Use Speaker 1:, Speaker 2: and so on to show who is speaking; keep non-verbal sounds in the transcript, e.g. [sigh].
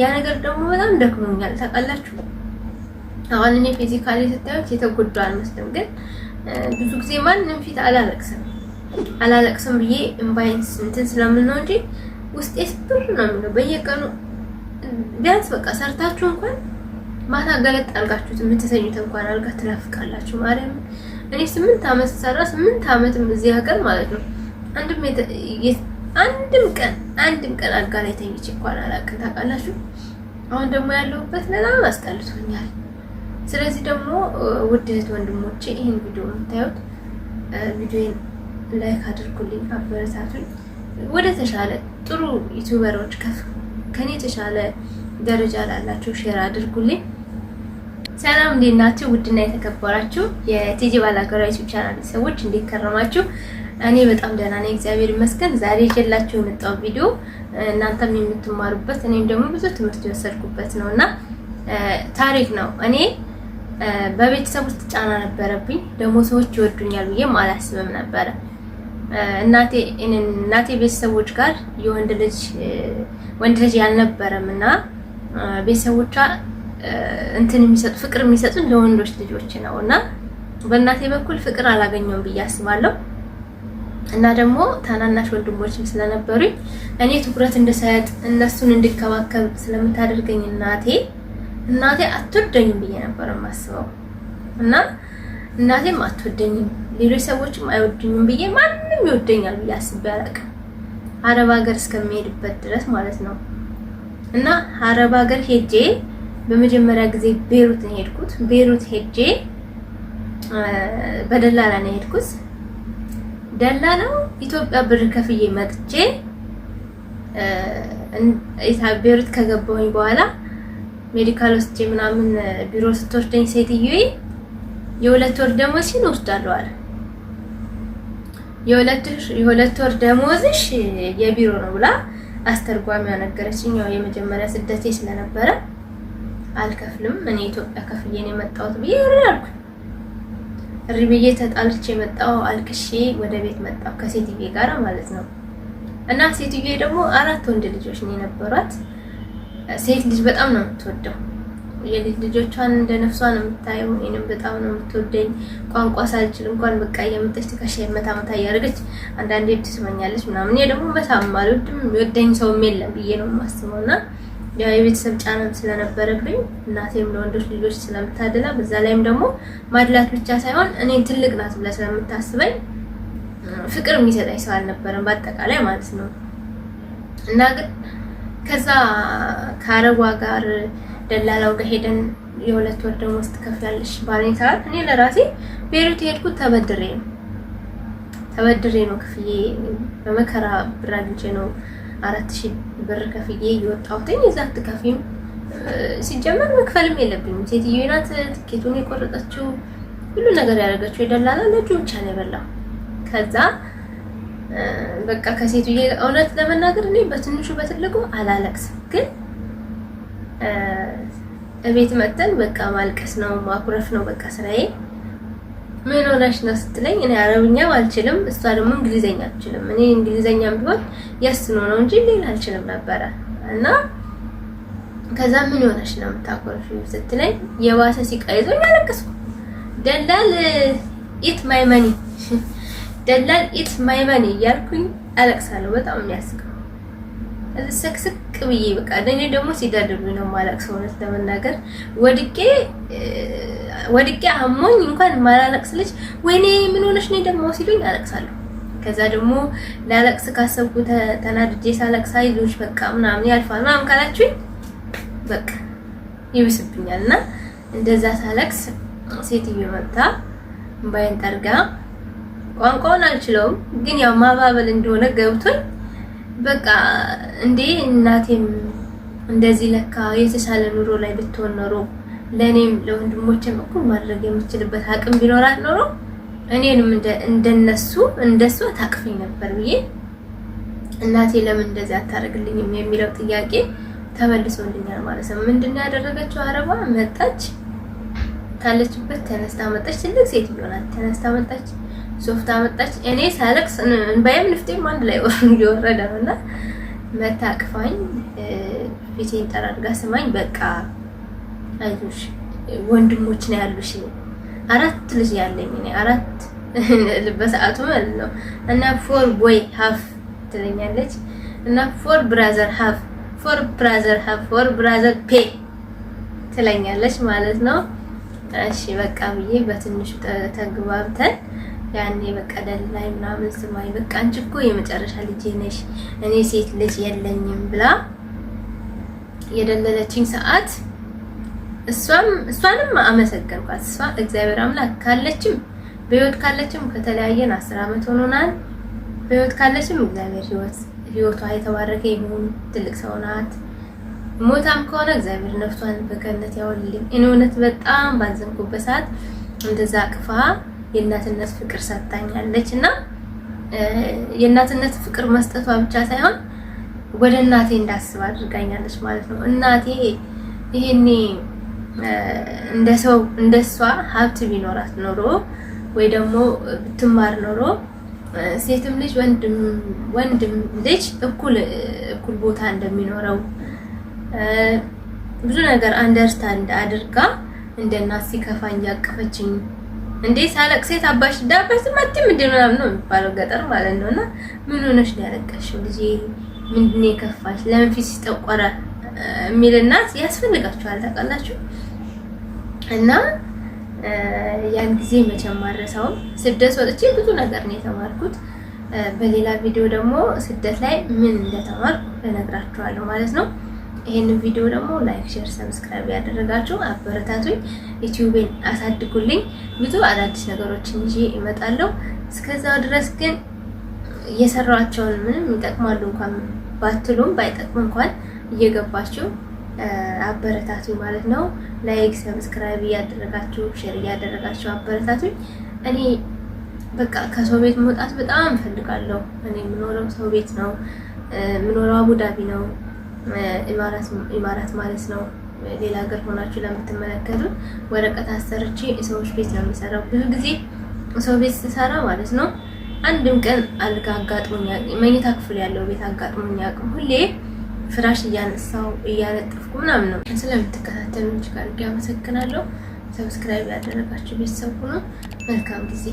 Speaker 1: ያ ነገር ደግሞ በጣም ደክሞኛል። ታውቃላችሁ አሁን እኔ ፊዚካሊ ስታዩት የተጎዳ አልመስልም፣ ግን ብዙ ጊዜ ማንም ፊት አላለቅስም አላለቅስም ብዬ እምባይን እንትን ስለምን ነው እንጂ ውስጤ ስብር ነው የሚለው በየቀኑ ቢያንስ በቃ ሰርታችሁ እንኳን ማታ ገለጥ አድርጋችሁት የምትተኙት እንኳን አልጋ ትናፍቃላችሁ። ማርያም እኔ ስምንት ዓመት ሰራ ስምንት ዓመትም እዚህ ሀገር ማለት ነው አንድም አንድም ቀን አንድም ቀን አልጋ ላይ ተኝቼ እንኳን አላውቅም። ታውቃላችሁ። አሁን ደግሞ ያለሁበት በጣም አስጠልቶኛል። ስለዚህ ደግሞ ውድ እህት ወንድሞቼ ይህን ቪዲዮ የምታዩት ቪዲዮን ላይክ አድርጉልኝ፣ አበረታቱኝ። ወደ ተሻለ ጥሩ ዩቱበሮች ከፍ ከኔ የተሻለ ደረጃ ላላቸው ሼር አድርጉልኝ። ሰላም እንዴት ናችሁ? ውድና የተከበራችሁ የቲጂ ባላገራ ዩቱብ ቻናል ሰዎች እንዴት ከረማችሁ? እኔ በጣም ደህና ነኝ፣ እግዚአብሔር ይመስገን። ዛሬ ይዤላችሁ የመጣው ቪዲዮ እናንተም የምትማሩበት እኔም ደግሞ ብዙ ትምህርት የወሰድኩበት ነው እና ታሪክ ነው። እኔ በቤተሰብ ውስጥ ጫና ነበረብኝ። ደግሞ ሰዎች ይወዱኛል ብዬም አላስብም ነበረ። እናቴ እናቴ ቤተሰቦች ጋር የወንድ ልጅ ወንድ ልጅ ያልነበረም እና ቤተሰቦቿ እንትን የሚሰጡ ፍቅር የሚሰጡ ለወንዶች ልጆች ነው እና በእናቴ በኩል ፍቅር አላገኘውም ብዬ አስባለሁ። እና ደግሞ ታናናሽ ወንድሞችም ስለነበሩኝ እኔ ትኩረት እንድሰጥ እነሱን እንድከባከብ ስለምታደርገኝ እናቴ እናቴ አትወደኝም ብዬ ነበር የማስበው እና እናቴም አትወደኝም፣ ሌሎች ሰዎችም አይወደኝም ብዬ ማንም ይወደኛል ብዬ አስቤ አላውቅም። አረብ ሀገር እስከሚሄድበት ድረስ ማለት ነው። እና አረብ ሀገር ሄጄ በመጀመሪያ ጊዜ ቤሩት ነው የሄድኩት። ቤሩት ሄጄ በደላላ ነው የሄድኩት። ነው። ኢትዮጵያ ብር ከፍዬ መጥቼ ቤሩት ከገባሁኝ በኋላ ሜዲካል ውስጥ ምናምን ቢሮ ስትወርደኝ ሴትዮዬ የሁለት ወር ደሞዝሽን እወስዳለሁ አለ። የሁለት ወር ደሞዝሽ የቢሮ ነው ብላ አስተርጓሚዋ ነገረችኝ። ያው የመጀመሪያ ስደቴ ስለነበረ አልከፍልም እኔ ኢትዮጵያ ከፍዬ ነው የመጣሁት ብዬ እርዳልኩኝ። እሪ ብዬ ተጣልቼ የመጣው አልቅሼ ወደ ቤት መጣሁ ከሴትዬ ጋር ማለት ነው። እና ሴትዬ ደግሞ አራት ወንድ ልጆች ነው የነበሯት። ሴት ልጅ በጣም ነው የምትወደው የልጅ ልጆቿን እንደ ነፍሷ ነው የምታየው። እኔም በጣም ነው የምትወደኝ። ቋንቋ ሳልችል እንኳን በቃ እየመጣች ትከሻ መታ መታ እያደረገች አንዳንዴ ትስመኛለች ምናምን። እኔ ደግሞ መታም አልወድም፣ የወደኝ ሰውም የለም ብዬ ነው የማስበው እና ያው የቤተሰብ ጫናም ስለነበረብኝ እናቴም ለወንዶች ልጆች ስለምታደላ በዛ ላይም ደግሞ ማድላት ብቻ ሳይሆን እኔ ትልቅ ናት ብላ ስለምታስበኝ ፍቅር የሚሰጠኝ ሰው አልነበረም በአጠቃላይ ማለት ነው። እና ግን ከዛ ከአረቧ ጋር ደላላው ጋር ሄደን የሁለት ወር ደመወዝ ትከፍያለሽ ባለኝ ሰዓት እኔ ለራሴ ቤሩት የሄድኩት ተበድሬ ነው ተበድሬ ነው ክፍዬ በመከራ ብር አግኝቼ ነው አራት ሺህ ብር ከፍዬ እየወጣሁትኝ የዛ አትከፊም። ሲጀመር መክፈልም የለብኝም። ሴትዮ ናት ትኬቱን የቆረጠችው ሁሉ ነገር ያደረገችው የደላላ ልጁ ብቻ ነው የበላው። ከዛ በቃ ከሴትዮ እውነት ለመናገር እኔ በትንሹ በትልቁ አላለቅስም፣ ግን እቤት መጥተን በቃ ማልቀስ ነው ማኩረፍ ነው በቃ ስራዬ። ምን ሆነሽ ነው ስትለኝ እኔ አረብኛም አልችልም እሷ ደግሞ እንግሊዘኛ አልችልም። እኔ እንግሊዘኛም ቢሆን የስኖ ነው እንጂ ሌላ አልችልም ነበረ እና ከዛ ምን ሆነሽ ነው የምታኮርፊው ስትለኝ የባሰ ሲቃ ይዞኝ አለቀስኩ። ደላል ኢት ማይ መኒ ደላል ኢት ማይ መኒ እያልኩኝ አለቅሳለሁ። በጣም የሚያስቀው ሰክስክ ብዬ በቃ ለእኔ ደግሞ ሲደርብ ነው ማላቅስ። እውነት ለመናገር ወድቄ ወድቄ አሞኝ እንኳን ማላለቅስ ልጅ ወይኔ ምን ሆነሽ ነው ደግሞ ሲሉኝ አለቅሳለሁ። ከዛ ደግሞ ላለቅስ ካሰብኩ ተናድጄ ሳለቅስ አይዞሽ በቃ ምናምን ያልፋል ምናምን ካላችሁኝ በቃ ይብስብኛል። እና እንደዛ ሳለቅስ ሴትዮ መጥታ እምባዬን ጠርጋ ቋንቋውን አልችለውም፣ ግን ያው ማባበል እንደሆነ ገብቶኝ በቃ እንዴ እናቴም እንደዚህ ለካ የተሻለ ኑሮ ላይ ብትሆን ኖሮ ለእኔም ለወንድሞቼም እኩል ማድረግ የምችልበት አቅም ቢኖራት ኖሮ እኔንም እንደነሱ እንደሷ ታቅፈኝ ነበር ብዬ እናቴ ለምን እንደዚህ አታደርግልኝም የሚለው ጥያቄ ተመልሶልኛል ማለት ነው። ምንድን ያደረገችው? አረባ መጣች፣ ካለችበት ተነስታ መጣች። ትልቅ ሴት ይሆናል ተነስታ መጣች ሶፍት አመጣች። እኔ ሳለቅስ እንባዬም ንፍጤም አንድ ላይ [laughs] እየወረደ ነው እና መታቅፋኝ ፊቴን ጠራርጋ ስማኝ፣ በቃ አይዞሽ ወንድሞች ነው ያሉሽ። አራት ልጅ ያለኝ እኔ አራት [laughs] በሰዓቱ ማለት ነው እና ፎር ቦይ ሀፍ ትለኛለች እና ፎር ብራዘር ሀፍ ፎር ብራዘር ሀፍ ፎር ብራዘር ፔ ትለኛለች ማለት ነው። እሺ በቃ ብዬ በትንሹ ተግባብተን ያኔ በቃ ደል ላይ ምናምን ስማኝ፣ በቃ አንቺ እኮ የመጨረሻ ልጄ ነሽ፣ እኔ ሴት ልጅ የለኝም ብላ የደለለችኝ ሰዓት እሷም እሷንም አመሰገንኳት። እሷ እግዚአብሔር አምላክ ካለችም በህይወት ካለችም ከተለያየን አስር አመት ሆኖናል። በህይወት ካለችም እግዚአብሔር ህይወት ህይወቷ የተባረከ ይሁን፣ ትልቅ ሰው ናት። ሞታም ከሆነ እግዚአብሔር ነፍቷን በገነት ያወልልኝ። እኔ እውነት በጣም ባዘንኩበት ሰዓት እንደዛ አቅፋ የእናትነት ፍቅር ሰጥታኛለች እና የእናትነት ፍቅር መስጠቷ ብቻ ሳይሆን ወደ እናቴ እንዳስብ አድርጋኛለች ማለት ነው። እናቴ ይሄኔ እንደ ሰው እንደ እሷ ሀብት ቢኖራት ኖሮ ወይ ደግሞ ብትማር ኖሮ ሴትም ልጅ ወንድም ወንድም ልጅ እኩል እኩል ቦታ እንደሚኖረው ብዙ ነገር አንደርስታንድ አድርጋ እንደ እናት ሲከፋኝ ያቀፈችኝ እንዴ ሳለቅ ሴት አባሽ ዳባሽ ማቲም እንደ ምናምን ነው የሚባለው ገጠር ማለት ነውና፣ ምን ሆነሽ ነው ያለቀሽው ልጄ? ምንድን የከፋሽ? ለምን ፊትሽ ጠቆረ? የሚል እናት ያስፈልጋችኋል ታውቃላችሁ። እና ያን ጊዜ መቼም አልረሳውም። ስደት ወጥቼ ብዙ ነገር ነው የተማርኩት። በሌላ ቪዲዮ ደግሞ ስደት ላይ ምን እንደተማርኩ እነግራችኋለሁ ማለት ነው። ይሄንን ቪዲዮ ደግሞ ላይክ፣ ሼር፣ ሰብስክራይብ ያደረጋችሁ አበረታቱኝ፣ ዩቲዩብን አሳድጉልኝ። ብዙ አዳዲስ ነገሮችን ይዤ እመጣለሁ። እስከዛው ድረስ ግን እየሰራቸውን ምንም ይጠቅማሉ እንኳን ባትሉም ባይጠቅሙ እንኳን እየገባችሁ አበረታቱኝ ማለት ነው። ላይክ፣ ሰብስክራይብ እያደረጋችሁ ሼር እያደረጋችሁ አበረታቱኝ። እኔ በቃ ከሰው ቤት መውጣት በጣም እፈልጋለሁ። እኔ የምኖረው ሰው ቤት ነው። የምኖረው አቡዳቢ ነው። ኢማራት ማለት ነው። ሌላ ሀገር ሆናችሁ ለምትመለከቱ ወረቀት አሰርቼ ሰዎች ቤት ነው የሚሰራው። ብዙ ጊዜ ሰው ቤት ስሰራ ማለት ነው አንድም ቀን አልጋ አጋጥሞኝ መኝታ ክፍል ያለው ቤት አጋጥሞኝ አቅም ሁሌ ፍራሽ እያነሳው እያነጠፍኩ ምናምን ነው። ስለምትከታተሉ እጅግ አድርጌ አመሰግናለሁ። ሰብስክራይብ ያደረጋችሁ ቤተሰብ ሁኑ። መልካም ጊዜ